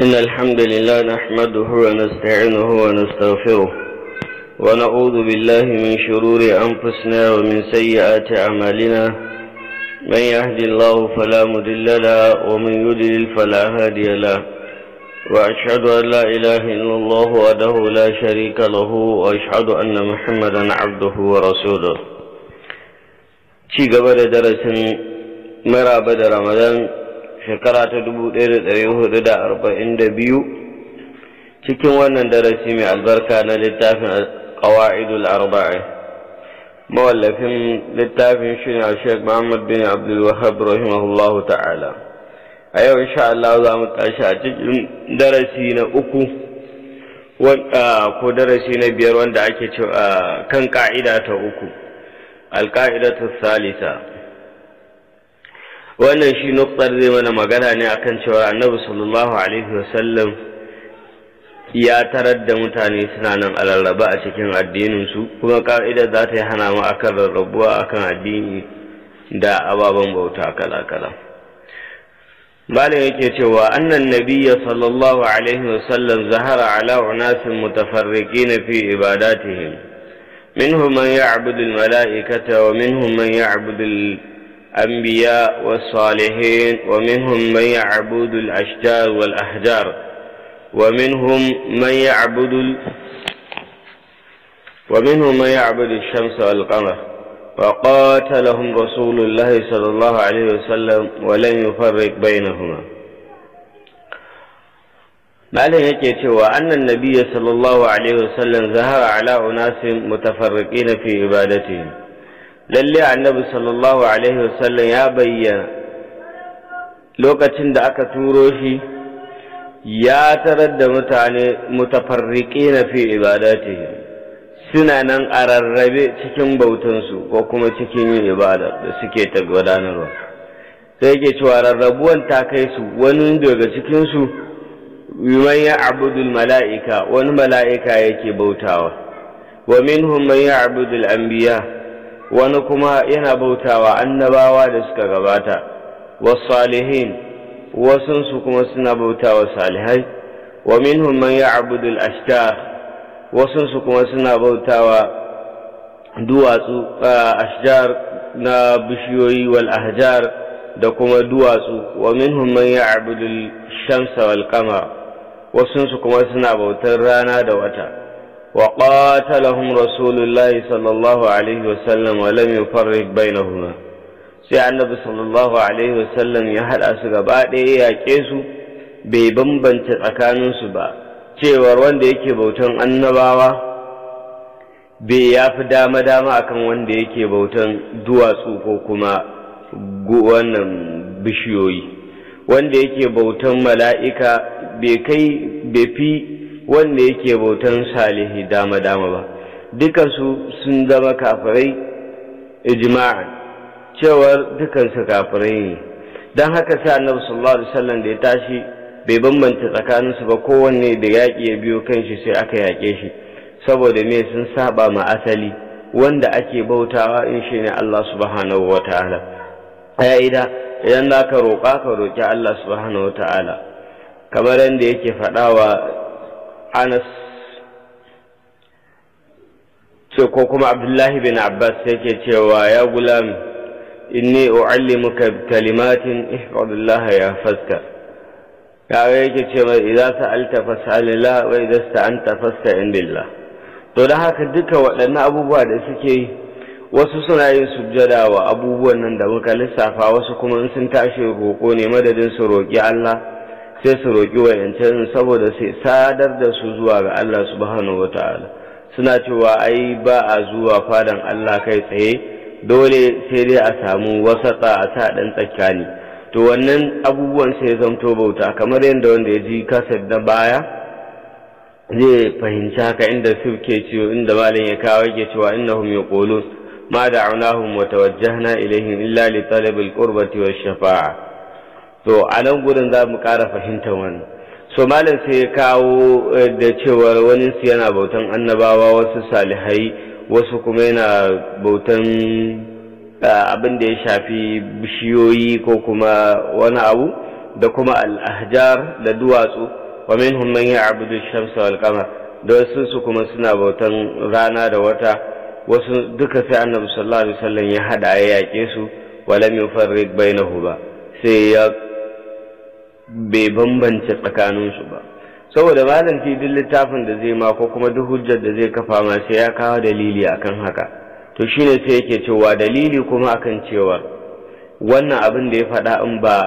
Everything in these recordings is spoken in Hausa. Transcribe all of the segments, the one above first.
إن الحمد لله نحمده ونستعينه ونستغفره ونعوذ بالله من شرور أنفسنا ومن سيئات أعمالنا من يهد الله فلا مضل له ومن يضلل فلا هادي له وأشهد أن لا إله إلا الله وحده لا شريك له وأشهد أن محمدا عبده ورسوله شي قبل درس مرابد رمضان shekara ta dubu ɗaya da ɗari hudu da arba'in da biyu cikin wannan darasi mai albarka na littafin ƙawa'idul arba'i mawallafin littafin shi ne Sheikh Muhammad bin Abdul Wahab rahimahullahu ta'ala a yau insha Allah za mu tashi a cikin darasi na uku ko darasi na biyar wanda ake cewa kan ka'ida ta uku al-ka'idatu salisa wannan shi nuktar zai mana magana ne akan cewa annabi sallallahu alaihi wasallam ya tarar da mutane suna nan a rarraba a cikin addininsu kuma ka'idar za ta yi hana mu akan rarrabuwa akan addini da ababen bauta kala-kala malam yake cewa annan nabiyya sallallahu alaihi wasallam zahara ala unasin mutafarriqin fi ibadatihim minhum man ya'budu al-mala'ikata wa minhum man ya'budu أنبياء والصالحين ومنهم من يعبد الأشجار والأحجار ومنهم من يعبد ال... ومنهم من يعبد الشمس والقمر وقاتلهم رسول الله صلى الله عليه وسلم ولن يفرق بينهما ما malam يكتوى أن النبي صلى الله عليه وسلم ذهب على أناس متفرقين في عبادتهم lalle annabi sallallahu alaihi wasallam ya bayyana lokacin da aka turo shi ya tarar da mutane mutafarriqina fi ibadatihi suna nan a rarrabe cikin bautansu ko kuma cikin yin ibada da suke ta gudanarwa sai yake cewa rarrabuwan ta kai su wani daga cikinsu man ya abudul mala'ika wani mala'ika yake bautawa wa minhum man ya abudul anbiya wani kuma yana bautawa annabawa da suka gabata wasalihin wasunsu kuma suna bautawa salihai wa minhum man ya'budu al-ashtar wasunsu kuma suna bautawa duwatsu ah, ashjar na bishiyoyi wal ahjar da kuma duwatsu wa minhum man ya'budu al-shamsa wal qamar wasunsu kuma suna bautar rana da wata وقاتلهم رسول الله صلى الله عليه وسلم ولم يفرق بينهما sai annabi sallallahu alaihi عليه ya haɗa su gaba ɗaya يا yaƙe su bai bambanta tsakaninsu ba cewar wanda yake bautan annabawa bai ya fi dama dama akan wanda yake bautan duwatsu ko kuma wannan bishiyoyi wanda yake bautan mala'ika bai kai bai fi wanda yake bautan salihi dama dama ba dukansu sun zama kafirai ijma'an cewar dukansu kafirai ne don haka sai annabi sallallahu alaihi wasallam da ya tashi bai bambanta tsakaninsu ba kowanne da yaƙi ya biyo kanshi sai aka yaƙe shi saboda me sun saba ma asali wanda ake bautawa in shi ne Allah subhanahu wa ta'ala ida idan za ka roƙa ka roƙi Allah subhanahu wa ta'ala kamar yadda yake faɗawa anas ce ko kuma abdullahi bin abbas yake cewa ya gulam inni u'allimuka kalimatin ihfazillah ya faska kaga yake ce mai idan sa'alta fas'alillah wa idan sta'anta fasta'in billah to da haka duka waɗannan abubuwa da suke yi wasu suna yin sujjada wa abubuwan nan da muka lissafa wasu kuma in sun tashi roƙo ne madadin su roƙi Allah sai su roƙi wayancan saboda sai sadar da su zuwa ga Allah subhanahu ta’ala suna cewa ai ba a zuwa fadan Allah kai tsaye dole sai dai a samu wasata a sa ɗan tsakani to wannan abubuwan sai zamto bauta kamar yadda wanda ya ji kasar na baya zai fahimci haka inda suke ciwo inda malam ya kawo yake cewa innahum yaqulun ma da'awnahum wa tawajjahna ilayhim illa li talabil qurbati wash shafa'a to a nan gurin za mu kara fahimtar wani so malam sai ya kawo eh, da cewar wani su yana bautan annabawa wasu salihai wasu kuma yana bautan eh, abin da ya shafi bishiyoyi ko kuma wani abu da kuma al'ahjar da duwatsu wa min man ya'budu shamsa wal da wasu su kuma suna bautan rana da wata wasu duka sai annabi sallallahu alaihi wasallam ya hada ya yake su wa lam yufarriq bainahu ba sai ya bai bambance tsakaninsu ba saboda malam fi duk littafin da zai ma ko kuma duk hujjar da zai kafa ma sai ya kawo dalili akan haka to shine sai yake cewa dalili kuma akan cewa wannan abin da ya faɗa in ba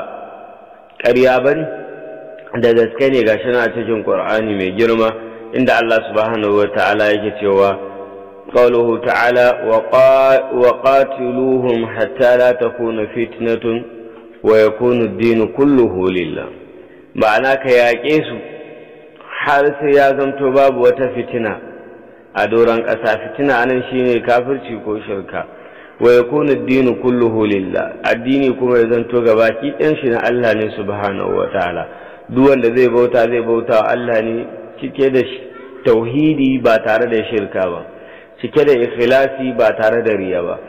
ƙarya ba da gaske ne gashi na cikin Qur'ani mai girma inda Allah subhanahu wata'ala yake cewa qawluhu ta'ala wa qatiluhum hatta la takuna fitnatun wa ya kunu dinu kulluhu lillah ma'ana ka yaƙe su har sai ya zamto babu wata fitina a doron ƙasa fitina anan shine kafirci ko shirka wa ya kunu dinu kulluhu lillah addini kuma ya zanto gabaki ɗin shi na Allah ne subhanahu wa ta'ala duk wanda zai bauta zai bauta Allah ne cike da tauhidi ba tare da shirka ba cike da ikhlasi ba tare da riya ba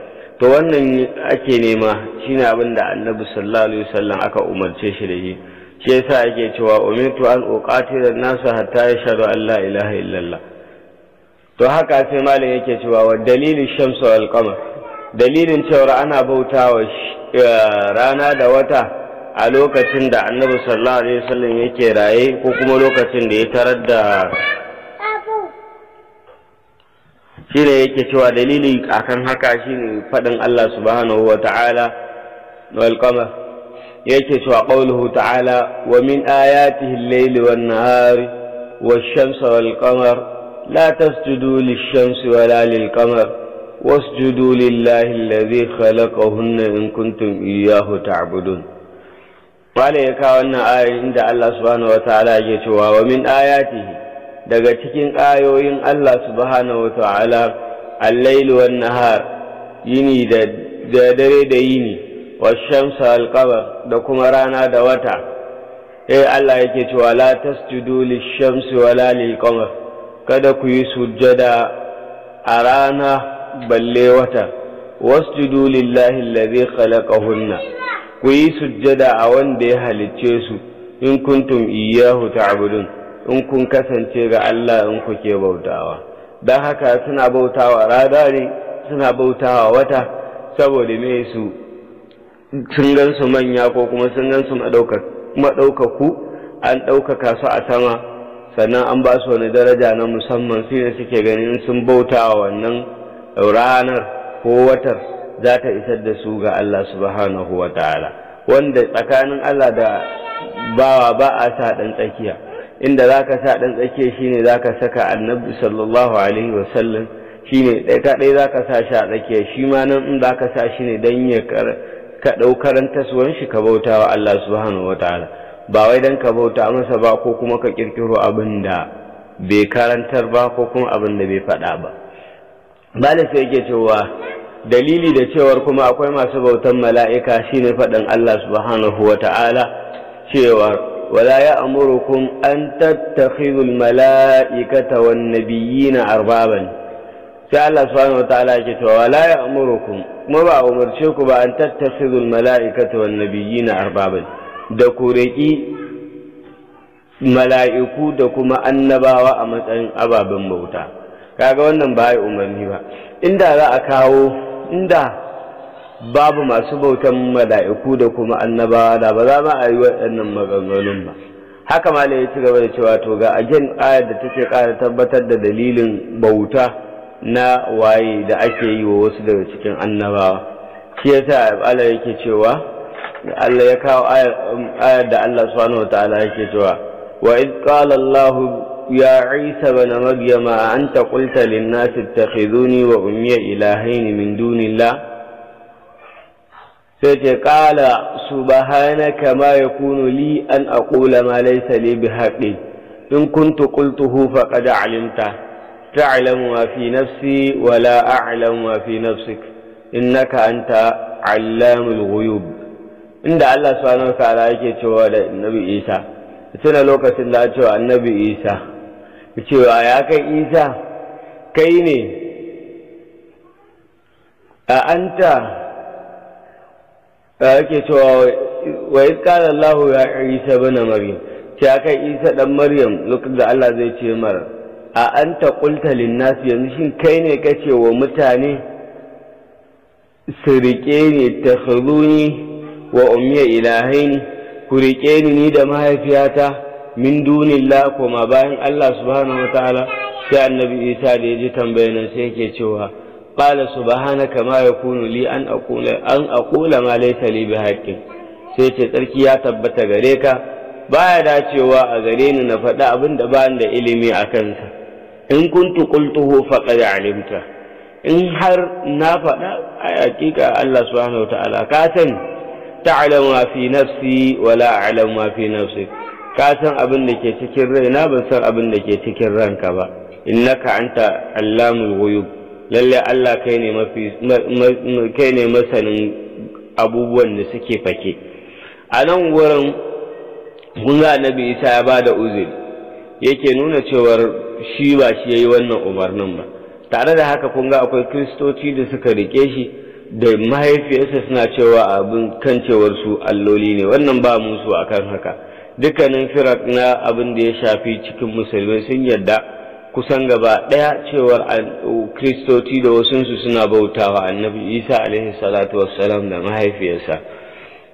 to wannan ake nema shine abin da annabi sallallahu alaihi wasallam aka umarce shi da shi shi yasa yake cewa umirtu an uqatila an-nas hatta yashhadu an la ilaha illallah to haka sai malam yake cewa wa dalilin shams wal qamar dalilin cewa ana bautawa eh, rana da wata a lokacin da annabi sallallahu alaihi wasallam yake raye ko kuma lokacin da ya tarar da shine yake cewa dalili akan haka shine fadin Allah subhanahu wa ta'ala wal qamar yake cewa qawluhu ta'ala wa min ayatihi al-layli wan nahari wash-shamsi wal qamar la tasjudu lish-shamsi wala lil-qamar wasjudu lillahi alladhi khalaqahunna in kuntum iyyahu ta'budun wale ya kawo wannan ayin da Allah subhanahu wa ta'ala yake cewa wa min ayatihi daga cikin ayoyin Allah subhanahu wa ta'ala al-lailu wan nahar yini da dare da yini wa Shamsa qamar da kuma rana da wata eh Allah yake cewa la tasjudu lish-shamsi wala lil-qamar kada ku yi sujjada a rana balle wata wasjudu lillahi alladhi khalaqahunna ku yi sujjada a wanda ya halicce su in kuntum iyyahu ta'budun in kun kasance ga Allah in kuke bautawa don haka suna bautawa rada ne suna bautawa wata saboda me su sun gan su manya ko kuma sun gan su maɗaukaku an ɗaukaka su a sama sannan an ba su wani daraja na musamman su ne suke ganin sun bautawa wannan ranar ko watar za ta isar da su ga Allah subhanahu wa ta'ala wanda tsakanin Allah da bawa ba a sa ɗan tsakiya inda za ka sa ɗan tsakiya shine za ka saka annabi sallallahu alaihi wasallam shine ɗaya kaɗai za ka sa shi a tsakiya shi ma nan in za ka sa shi ne don ya ka ɗau karantaswan shi ka bauta wa Allah subhanahu ta'ala. ba wai don ka bauta masa ba ko kuma ka ƙirƙiro abin da bai karantar ba ko kuma abin da bai faɗa ba bala sai yake cewa dalili da cewar kuma akwai masu bautan mala'ika shine faɗin Allah subhanahu ta'ala cewar ولا يأمركم أن تتخذوا الملائكة والنبيين أربابا sai Allah subhanahu wataala yake cewa la ya'murukum kuma ba umarce ku ba an tattakhidhu al-mala'ikata wan nabiyina arbaban da ku mala'iku da kuma annabawa a matsayin ababen bauta kaga wannan ba umarni ba inda za a kawo inda babu masu bautan mala'iku da kuma annabawa da ba za ma a yi waɗannan maganganun ba haka ma ya ci gaba da cewa to ga ajin, ayar da take ƙara tabbatar da dalilin bauta na waye da ake yi wa wasu daga cikin annabawa shi yasa Allah yake cewa Allah ya kawo ayar um, da Allah subhanahu wataala yake cewa wa id qala Allah ya Isa ibn Maryam anta qulta lin-nasi ittakhiduni wa ummi ilahaini min dunillah sai ce ƙala subhanaka ma kunu li an aqula ma laysa li haƙi, in kuntu qultuhu faqad alimta ta'lamu ma fi nafsi wa la a'lamu ma fi nafsik innaka anta allamul ghuyub inda Allah subhanahu wa ta'ala yake cewa da Annabi Isa tuna lokacin da cewa Annabi Isa cewa ya kai Isa kai ne a anta da yake cewa wa iz qala ya Isa bana Maryam ta kai Isa dan Maryam lokacin da Allah zai ce mar a anta qulta lin nas yanzu shin kai ne kace wa mutane su rike ni ta wa ummiya ilahaini ku rike ni da mahaifiyata min dunillah kuma bayan Allah subhanahu wataala sai annabi Isa da ya ji tambayar sai yake cewa qala subhanaka ma yakunu li an aqula an aqula ma laysa li sai ce tsarki ya tabbata gare ka baya dacewa a gare ni na faɗi abinda bani da ilimi a kansa in kuntu qultuhu faqad alimta in har na faɗa a hakika Allah subhanahu wataala ka sani ta'lamu ma fi nafsi wa la a'lamu ma ka san abin da ke cikin raina ban san abin da ke cikin ranka ba innaka ka'anta allamul ghuyub lalle Allah kai ne masanin abubuwan da suke fake a nan wurin gunga annabi Isa ya bada uzuri yake nuna cewar shi ba shi yayi wannan umarnin ba tare da haka kun ga akwai kristoci da suka rike shi da mahaifiyarsa suna cewa abin kan cewar su alloli ne wannan ba musu akan haka dukkanin firak na abin da ya shafi cikin musulmai sun yarda kusan gaba ɗaya cewar kristoci da wasunsu suna bautawa annabi isa alaihi salatu wassalam da mahaifiyarsa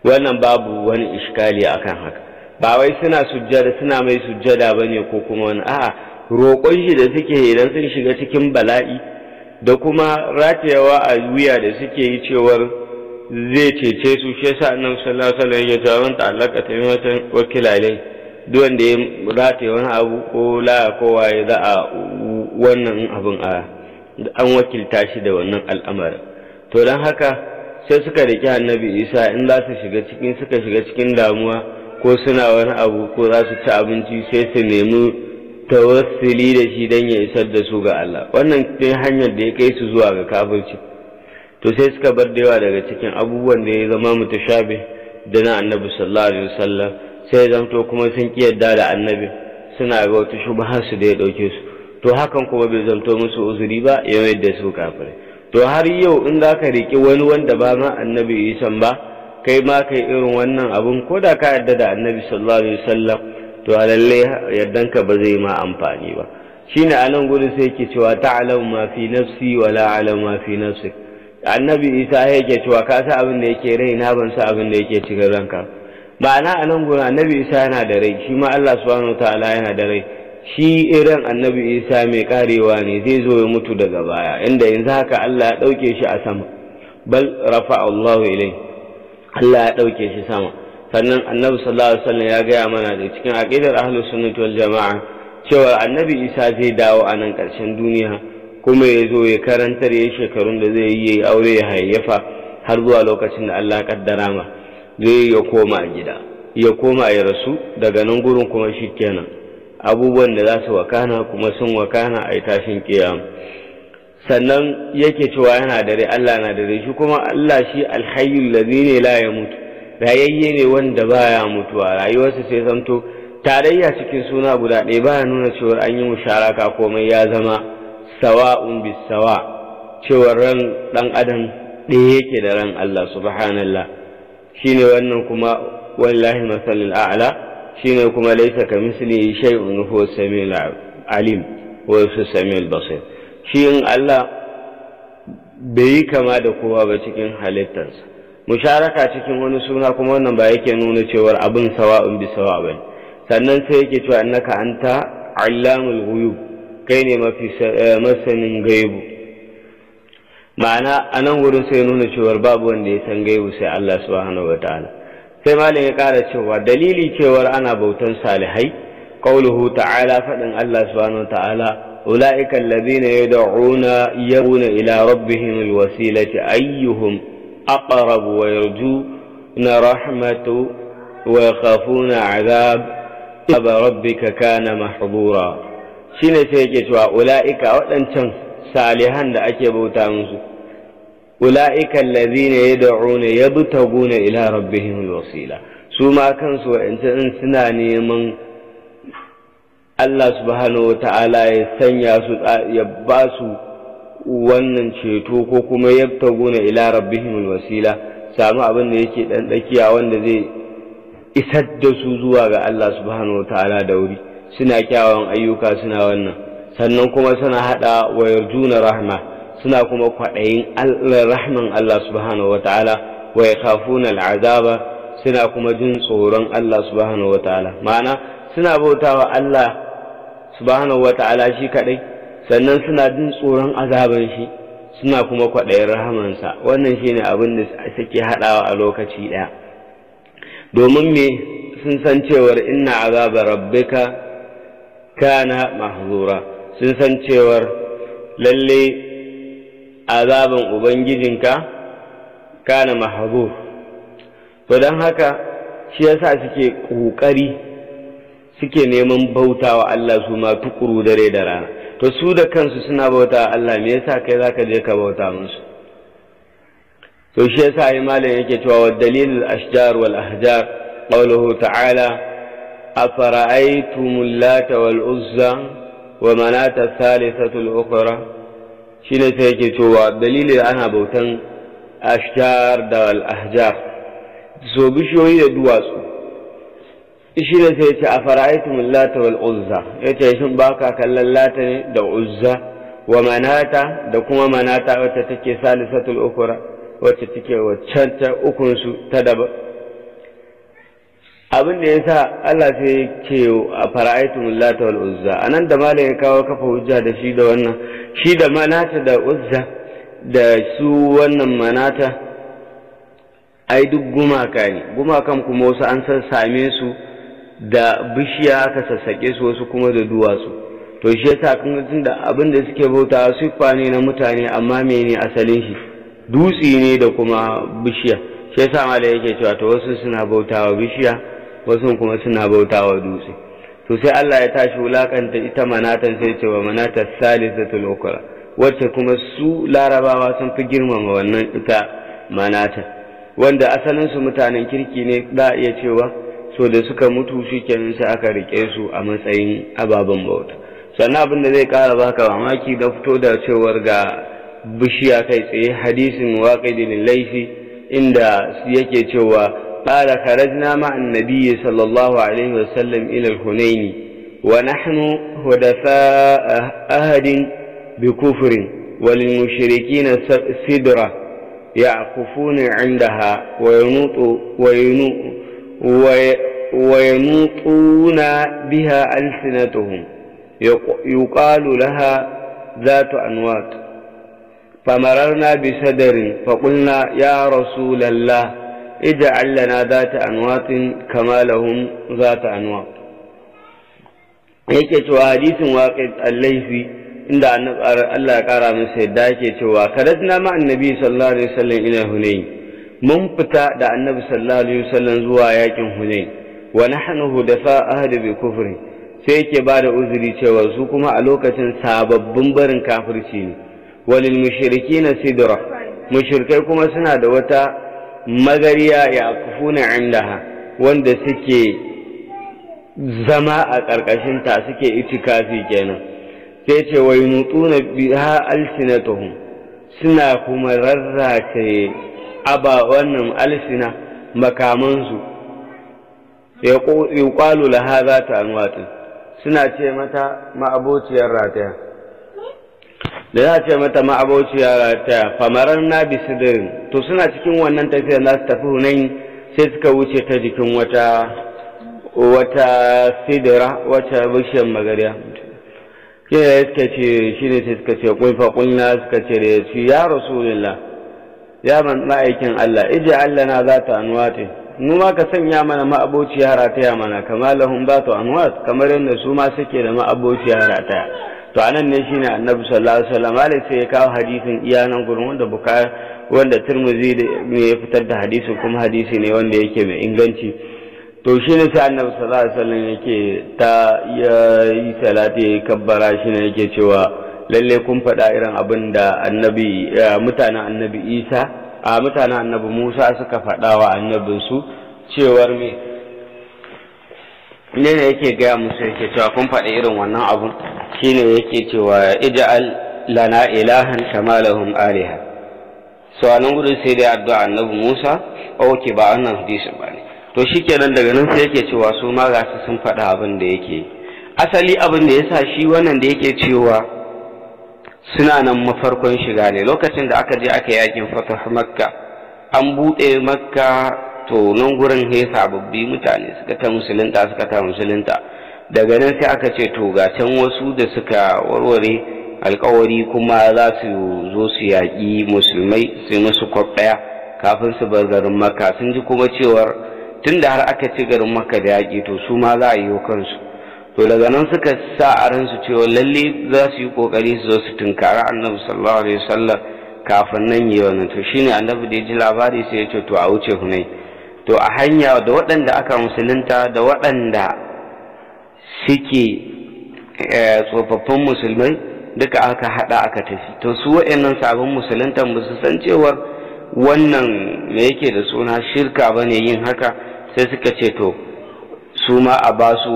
wannan babu wani iskali akan haka ba wai suna sujjada suna mai sujjada ba ne ko kuma wani a'a roƙon shi da suke idan sun shiga cikin bala'i da kuma ratayawa a wuya da suke yi cewar zai cece su shi yasa annabi sallallahu alaihi wasallam ya ta wanta alaka ta wakilai duk wanda ya rataye wani abu ko laya kowa ya za a wannan abin a an wakilta shi da wannan al'amarin to don haka sai suka riƙe annabi isa in za su shiga cikin suka shiga cikin damuwa ko suna wani abu ko za su ci abinci sai su nemi tawassuli da shi don ya isar da su ga Allah wannan ne hanyar da ya kai su zuwa ga kafirci to sai suka bar da yawa daga cikin abubuwan da ya zama mutashabih da na annabi sallallahu alaihi wasallam sai zanto kuma sun ƙi yadda da annabi suna ga wata shubha su da ya ɗauke su to hakan kuma bai zanto musu uzuri ba ya yadda su kafirai to har yau in za ka riƙi wani wanda ba ma annabi isan ba kai ma kai irin wannan abun ko da ka yadda da annabi sallallahu alaihi wasallam to a lalle yardanka ba zai ma amfani ba shine a nan gudun sai yake cewa ta'lamu ma fi nafsi wa la a'lamu ma fi nafsi annabi isa yake cewa ka sa abin da yake raina ban sa abin da yake cikin ranka Ba na a nan gona annabi isa yana da rai shi ma allah subhanahu ta'ala yana da rai shi irin annabi isa mai karewa ne zai zo ya mutu daga baya inda yanzu haka allah ya ɗauke shi a sama bal rafa allahu ilai allah ya ɗauke shi sama sannan annabi sallallahu alaihi wasallam ya gaya mana da cikin aqidar ahlus sunnah wal jama'a cewa annabi isa zai dawo a nan ƙarshen duniya kuma ya zo ya karantar ya shekarun da zai yi ya aure ya hayyafa har zuwa lokacin da allah ya kaddara zai ya koma gida ya koma ya rasu daga nan gurin kuma shi kenan abubuwan da za su wakana kuma sun wakana a yi tashin kiyam sannan yake cewa yana dare Allah na dare shi kuma Allah shi alhayyul ladhi ne la ya mutu rayayye ne wanda ba ya mutuwa rayuwarsa sai zanto. tarayya cikin suna guda ɗaya ya nuna cewa an yi musharaka komai ya zama sawa'un bis sawa cewar ran dan adam ɗaya yake da ran Allah subhanallah shine wannan kuma wallahi masalul a'la shine kuma laisa ka misli shay'un huwa samil alim wa huwa samil basir shi in Allah bai yi kama da kowa ba cikin halittarsa musharaka cikin wani suna kuma wannan ba yake nuna cewar abin sawa'un bi sawa sannan sai yake cewa annaka anta allamul ghuyub kai ne mafi eh, masanin gaibu ma'ana a nan wurin sai nuna cewar babu wanda ya san gaibu sai Allah subhanahu wa ta'ala sai malam ya ƙara cewa dalili cewar ana bautan salihai qauluhu ta'ala faɗin Allah subhanahu wa ta'ala ulaika alladhina yad'una yabuna ila rabbihim alwasilati ayyuhum aqrab wa na rahmatu wa yakhafuna 'adab rabbika kana mahdura shine sai yake cewa ulaika waɗancan salihan da ake bauta musu ula'ika allazina yad'una yabtaguna ila rabbihim alwasila su ma kansu wa'ancan suna neman Allah subhanahu wa ya sanya su ya ba su wannan ceto ko kuma yabtaguna ila rabbihim alwasila samu abin da yake dan tsakiya wanda zai isar da su zuwa ga Allah subhanahu wa da wuri suna kyawawan ayyuka suna wannan sannan kuma suna hada wa yarjuna rahma suna kuma kwaɗayin rahman Allah subhanahu wa ta'ala wa yakhafuna al'azaba suna kuma jin tsoron Allah subhanahu wa ta'ala ma'ana suna bautawa Allah subhanahu wa ta'ala shi kadai sannan suna jin tsoron azaban shi suna kuma kwaɗayin rahamansa wannan shine abin da suke haɗawa a lokaci ɗaya domin me sun san cewar inna azaba rabbika kana mahzura sun san cewar lalle azaban ubangijinka kana mahabur to don haka shi yasa suke ƙoƙari suke neman bauta wa Allah su ma tukuru dare da rana to su da kansu suna bauta wa Allah me yasa kai zaka je ka bauta musu to shi yasa ai malam yake cewa wa dalilul ashjar wal ahjar qawluhu ta'ala afara'aytumul lata wal uzza wa manata salisatul ukhra shine sai yake cewa dalilin ana bautan ashjar da al-ahjar so bishiyoyi da duwatsu shine sai yace a fara'aytum lata wal uzza yace shin baka kallon lata ne da uzza wa manata da kuma manata wacce take salisatul ukhra wacce take ta ukunsu ta daban abin da ya sa Allah sai ce a fara'aitun lata wal uzza nan da malin ya kawo kafa hujja da shi da wannan shi da manata da uzza da su wannan manata ai duk gumaka ne gumakan kuma wasu an san same su da bishiya aka sassaƙe su wasu kuma da duwatsu to shi sa kun tun da abin da suke bauta siffa ne na mutane amma mene asalin shi dutse ne da kuma bishiya shi ya yasa mala yake cewa to wasu suna bautawa bishiya wasu kuma suna bautawa dutse to sai Allah ya tashi wulakanta ita manatan sai ce wa manatar salisatul ukra wacce kuma su larabawa sun fi girmama wannan ita manatan wanda asalin su mutanen kirki ne za iya cewa so da suka mutu shikenan sai aka rike su a matsayin ababen bauta sannan abin da zai kara baka mamaki da fito da cewar ga bishiya kai tsaye hadisin waƙidin laifi inda yake cewa قال خرجنا مع النبي صلى الله عليه وسلم إلى الحنين ونحن هدفاء أهد بكفر وللمشركين سدرة يعكفون عندها وينوط وينوط وينوطون بها ألسنتهم يقال لها ذات أنواط فمررنا بسدر فقلنا يا رسول الله اجعل لنا ذات أنواط كما لهم ذات أنواط yake cewa hadisin waƙi allaifi inda Allah ya ƙara masa yadda yake cewa karatna ma annabi sallallahu alaihi wasallam ila mun fita da annabi sallallahu alaihi wasallam zuwa yakin hunain wa nahnu hudafa ahli bi kufri sai yake ba da uzuri cewa su kuma a lokacin sababbin barin kafirci ne walil mushrikina sidra mushrikai kuma suna da wata magariya ya kufuna indaha wanda suke zama a ƙarƙashinta suke itikafi kenan sai ce wa yunutuna biha alsinatuhum suna kuma rarrace aba wannan alsina makamansu ya ƙwalo ha za ta suna ce mata ma'abociyar rataya da za a ce mata ma'abauciya ta famarar na bisidirin to suna cikin wannan tafiya za su tafi hunain sai suka wuce ta jikin wata wata sidira wata bishiyar magariya shi ya suka ce shi ne sai suka ce kunfa kunna suka ce da shi ya rasulullah ya man ma'aikin Allah ija Allah na za ta anwate mu ma ka sanya mana ma'abociya ya mana kamar lahum ba ta anwat kamar yadda su ma suke da ma'abociya rataya to anan ne shine annabi sallallahu alaihi wasallam alai sai ya kawo hadisin iyanan gurin wanda buka wanda turmuzi ne ya fitar da hadisin kuma hadisi ne wanda yake mai inganci to shi ne sai annabi sallallahu alaihi wasallam yake ta yi salati ya kabbara shi ne yake cewa lalle kun faɗa irin abin da annabi mutanen annabi Isa a mutanen annabi Musa suka faɗa wa su? cewar me ne yake gaya musu yake cewa kun faɗi irin wannan abun shine yake cewa ij'al lana ilahan kama lahum aliha so anan gudu sai dai addu'a annabi Musa oke ba annan hadisi ba ne to shikenan daga nan sai yake cewa su ma ga su sun faɗa abin da yake asali abin da yasa shi wannan da yake cewa suna nan mafarkon shiga ne lokacin da aka je aka yakin fatah makka an buɗe makka to nan gurin hesa babbi mutane suka ta musulunta suka ta musulunta daga nan sai aka ce to ga can wasu da suka warware alkawari kuma za su zo su yaƙi musulmai sai musu kwab ɗaya kafin su bar garin maka sun ji kuma cewar tun da har aka ci garin maka da yaƙi to su ma za a yi kansu to daga nan suka sa a ransu cewa lalle za su yi ƙoƙari su zo su tunkari annabi sallallahu alaihi wasallam kafin nan yi wannan to shine annabi da ya ji labari sai ya ce to a wuce hunai to a hanya da waɗanda aka musulunta da waɗanda suke eh, tsofaffin musulmai duka aka hada aka tafi to su wayannan sabon musulunta ba su san cewar wannan me yake da suna shirka ba ne yin haka sai suka ce to su ma a ba su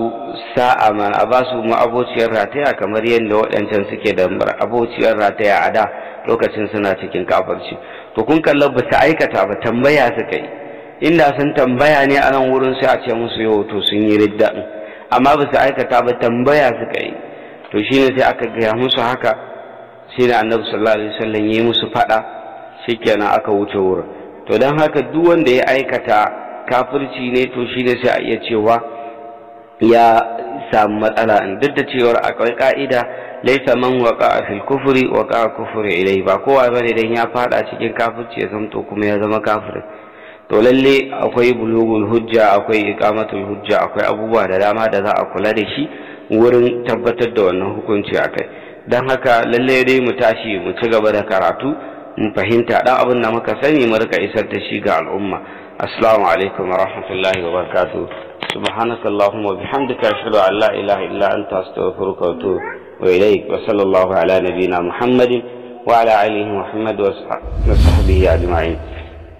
sa'a ma a ba su ma'abociyar rataya kamar yadda waɗancan suke da abociyar rataya a da lokacin suna cikin kafarci to kun kalla ba su aikata ba tambaya suka yi inda sun tambaya ne a nan wurin sai a ce musu yau to sun yi ridda amma ba su aikata ba tambaya suka yi to shi ne sai aka gaya musu haka ne annabi sallallahu alaihi wasallam yi musu fada kenan aka wuce wurin to don haka duk wanda ya aikata kafirci ne to shi ne sai a iya cewa ya samu matsala in duk da cewar akwai ka'ida laisa man waka fil kufri waka kufri ilai ba kowa bane dan ya faɗa cikin kafirci ya zamto kuma ya zama kafirin to lalle akwai bulugul hujja akwai iqamatul hujja akwai abubuwa da dama da za a kula da shi wurin tabbatar da wannan hukunci akai dan haka lalle dai mu tashi mu ci gaba da karatu mu fahimta dan abin da muka sani mu rika isar da shi ga al'umma assalamu alaikum wa rahmatullahi wa barakatuh سبحانك اللهم وبحمدك أشهد أن لا إله إلا أنت أستغفرك وأتوب وإليك وصلى الله على نبينا محمد وعلى آله محمد وصحبه أجمعين